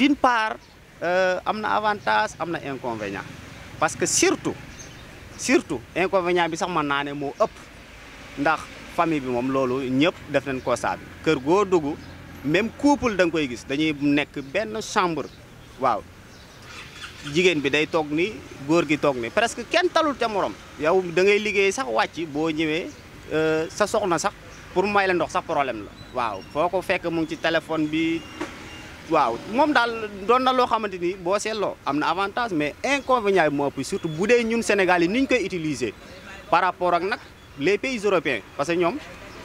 d'une part euh, am na avantage am na inconvénient parce que surtout surtout inconvénient bi sax mën naa ne moo ëpp ndax famille bi moom loolu ñëpp def nañ constat bi kër goo dugg même couple da nga koy gis dañuy nekk benn chambre waaw jigéen bi day toog ni góor gi toog ni presque kenn talul te morom yow da ngay liggéey sax wàcc boo ñëwee euh, sa soxna sax pour may la ndox sax problème la waaw foo ko fekk mu ci téléphone bi waaw moom daal doon na loo xamante ni boo seetloo am na avantage mais inconvénient bi moo ëpp surtout bu dee ñun Sénégal yi ni ñu koy utiliser par rapport ak nag les pays européens parce que ñoom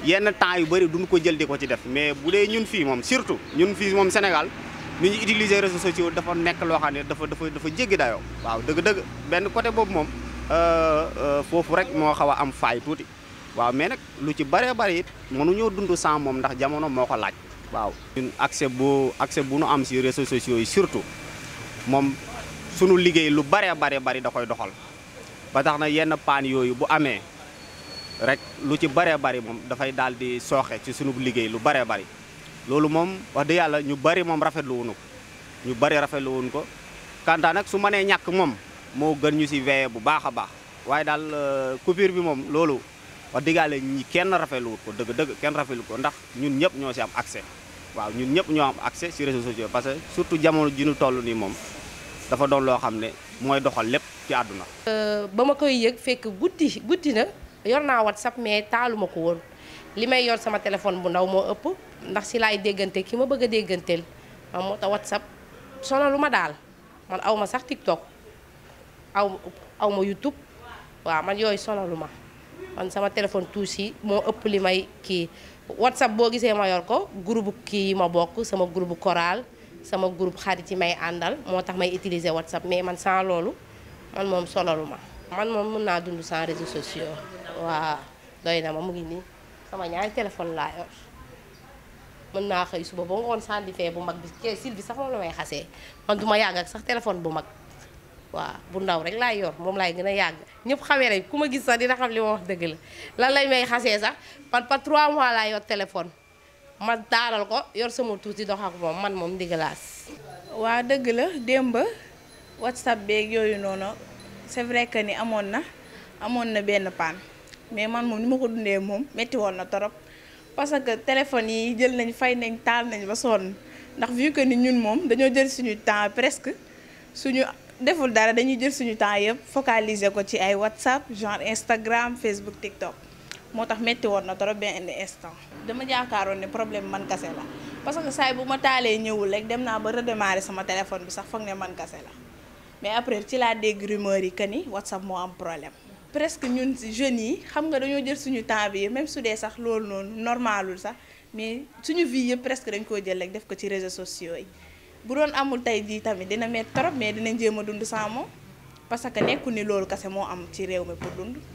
yenn temps yu bëri duñ ko jël di ko ci def mais bu dee ñun fii moom surtout ñun fii moom Sénégal ni ñu utiliser réseaux sociaux dafa nekk loo xam ne dafa dafa dafa jéggi dayoo. waaw dëgg-dëgg benn côté boobu moom euh, euh, foofu rek moo xaw am faay tuuti waaw mais nag lu ci bëree bëri it mënuñoo dund sans moom ndax jamono moo ko laaj. waaw ñun accès bu accès bu nu am si réseaux sociaux yi surtout moom sunu liggéey lu baree bare bari da koy doxal ba na yenn paan yooyu bu amee rek lu ci baree bari moom dafay daal di sooxe ci sunu liggéey lu baree bari loolu moom wax dëgg yàlla ñu bari moom rafetlu wuñu ko ñu bari rafetlu wuñu ko kantaanag su manee ñàkk moom moo gën ñu si veillé bu baax a baax waaye daal euh, coupure bi moom loolu wax dëgg ñi kenn rafetlu wut ko dëgg dëgg kenn rafetlu ko ndax ñun ñëpp ñoo si am accès waaw ñun ñëpp ñoo am accès ci réseaux sociaux parce que surtout jamono ji ñu toll nii moom dafa doon loo xam ne mooy doxal lépp ci àdduna. Euh, ba ma koy yëg fekk guddi guddi na yor naa WhatsApp mais taaluma ko woon li may yor sama téléphone bu ndaw moo ëpp ndax ci laay déggante ki ma bëgg a dégganteel ma moo tax WhatsApp ma daal aw ma sax TikTok aw aw ma YouTube waaw man yooyu sonalu ma man sama téléphone tuuti moo ëpp li may kii. WhatsApp boo gisee ma yor ko group kii yi ma bokk sama groupe choral sama groupe xarit yi may àndal moo tax may utiliser WhatsApp mais man sans loolu man moom sonalu ma. man moom mën naa dund sans réseaux sociaux waaw doy na ma mu ngi nii sama ñaari téléphone laa yor mën naa xëy suba ba ngoon sànni fee bu mag bi kii Sylvie sax moom la may xasee man du ma yàgg ak sax téléphone bu mag. waaw bu ndaw rek laay yor moom laay gën a yàgg ñëpp xawee rek ku ma gis sax dina xam li ma wax dëgg la lan lañ may xasee sax par par trois mois laa yor téléphone ma taalal ko yor sama tuuti dox ak moom man moom ndigalaas. waa dëgg la démb whatsapp beeg yooyu noonu c'est vrai que ni amoon na amoon na benn paan mais man moom ni ma ko dundee moom métti woon na torop parce que téléphone yi jël nañ fay nañ taal nañ ba sonn ndax vu que ni ñun moom dañoo jël suñu temps presque deful dara dañuy jël suñu temps yëpp focaliser ko ci ay whatsapp genre Instagram Facebook TikTok moo tax métti woon na trop benn instant. dama jaakaaroon ne problème man kase la parce que saay bu ma taalee ñëwul rek dem naa ba redémarrer sama téléphone bi sax foog ne man kase la mais après ci laa dégg rumeur yi que ni whatsapp moo am problème. presque ñun jeunes yi xam nga dañoo jël suñu temps bi même su dee sax loolu noonu normalul sax mais suñu vie yëpp presque dañ koo jël def ko ci réseaux sociaux yi. bu doon amul tey jii tamit dina met trop mais dinañ jéem a dund sans moom parce que nekku ni loolu kese moo am ci réew mi pour dund